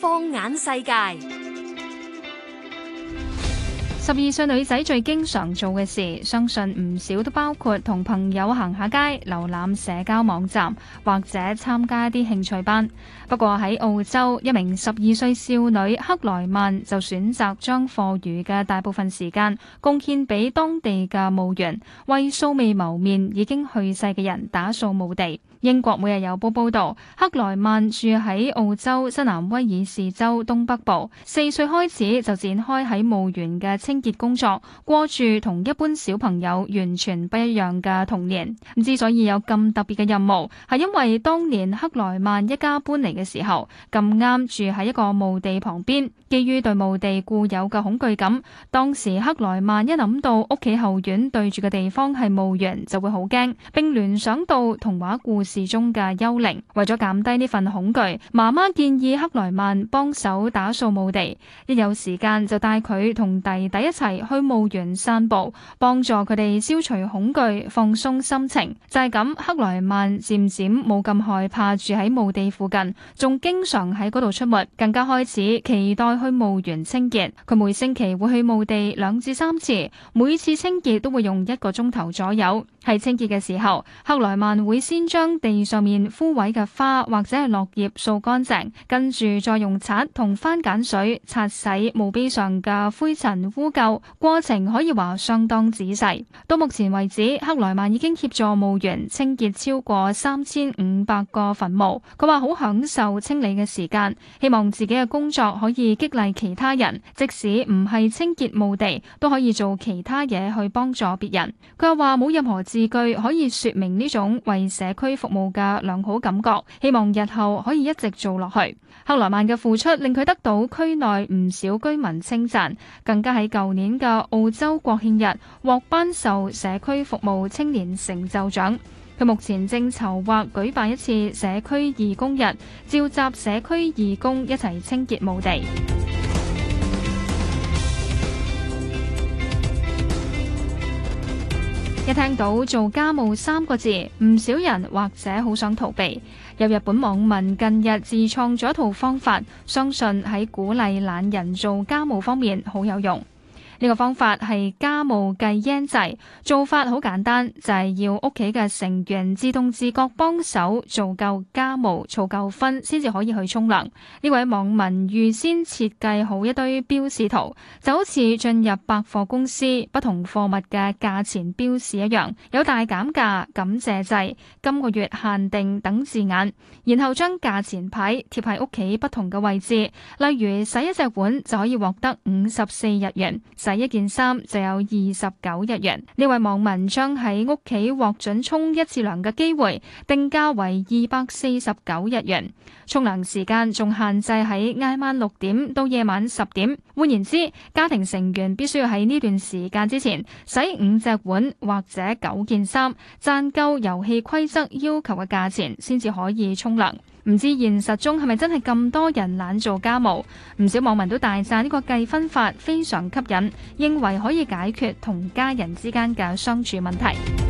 放眼世界，十二歲女仔最經常做嘅事，相信唔少都包括同朋友行下街、瀏覽社交網站或者參加一啲興趣班。不過喺澳洲，一名十二歲少女克萊曼就選擇將課餘嘅大部分時間貢獻俾當地嘅墓園，為素未謀面已經去世嘅人打掃墓地。英國每日郵報報道，克萊曼住喺澳洲新南威爾士州東北部，四歲開始就展開喺墓園嘅清潔工作，過住同一般小朋友完全不一樣嘅童年。之所以有咁特別嘅任務，係因為當年克萊曼一家搬嚟嘅時候，咁啱住喺一個墓地旁邊。基於對墓地固有嘅恐懼感，當時克萊曼一諗到屋企後院對住嘅地方係墓園，就會好驚，並聯想到童話故事事中嘅幽靈，為咗減低呢份恐懼，媽媽建議克萊曼幫手打掃墓地，一有時間就帶佢同弟弟一齊去墓園散步，幫助佢哋消除恐懼、放鬆心情。就係咁，克萊曼漸漸冇咁害怕住喺墓地附近，仲經常喺嗰度出沒，更加開始期待去墓園清潔。佢每星期會去墓地兩至三次，每次清潔都會用一個鐘頭左右。喺清潔嘅時候，克萊曼會先將地上面枯萎嘅花或者係落葉掃乾淨，跟住再用刷同番梘水擦洗墓碑上嘅灰塵污垢。過程可以話相當仔細。到目前為止，克萊曼已經協助墓園清潔超過三千五百個墳墓。佢話好享受清理嘅時間，希望自己嘅工作可以激勵其他人，即使唔係清潔墓地，都可以做其他嘢去幫助別人。佢又話冇任何字句可以說明呢種為社區服務務嘅良好感覺，希望日後可以一直做落去。克羅曼嘅付出令佢得到區內唔少居民稱讚，更加喺舊年嘅澳洲國慶日獲頒授社區服務青年成就獎。佢目前正籌劃舉辦一次社區義工日，召集社區義工一齊清潔墓地。一聽到做家務三個字，唔少人或者好想逃避。有日本網民近日自創咗一套方法，相信喺鼓勵懶人做家務方面好有用。呢個方法係家務計恩制，做法好簡單，就係、是、要屋企嘅成員自動自覺幫手做夠家務、做夠分，先至可以去沖涼。呢位網民預先設計好一堆標示圖，就好似進入百貨公司不同貨物嘅價錢標示一樣，有大減價、感謝制、今個月限定等字眼，然後將價錢牌貼喺屋企不同嘅位置，例如洗一隻碗就可以獲得五十四日元。第 一件衫就有二十九日元。呢位網民將喺屋企獲准沖一次涼嘅機會，定價為二百四十九日元。沖涼時間仲限制喺挨晚六點到夜晚十點。換言之，家庭成員必須要喺呢段時間之前洗五隻碗或者九件衫，賺夠遊戲規則要求嘅價錢，先至可以沖涼。唔知現實中係咪真係咁多人懶做家務？唔少網民都大讚呢個計分法非常吸引，認為可以解決同家人之間嘅相處問題。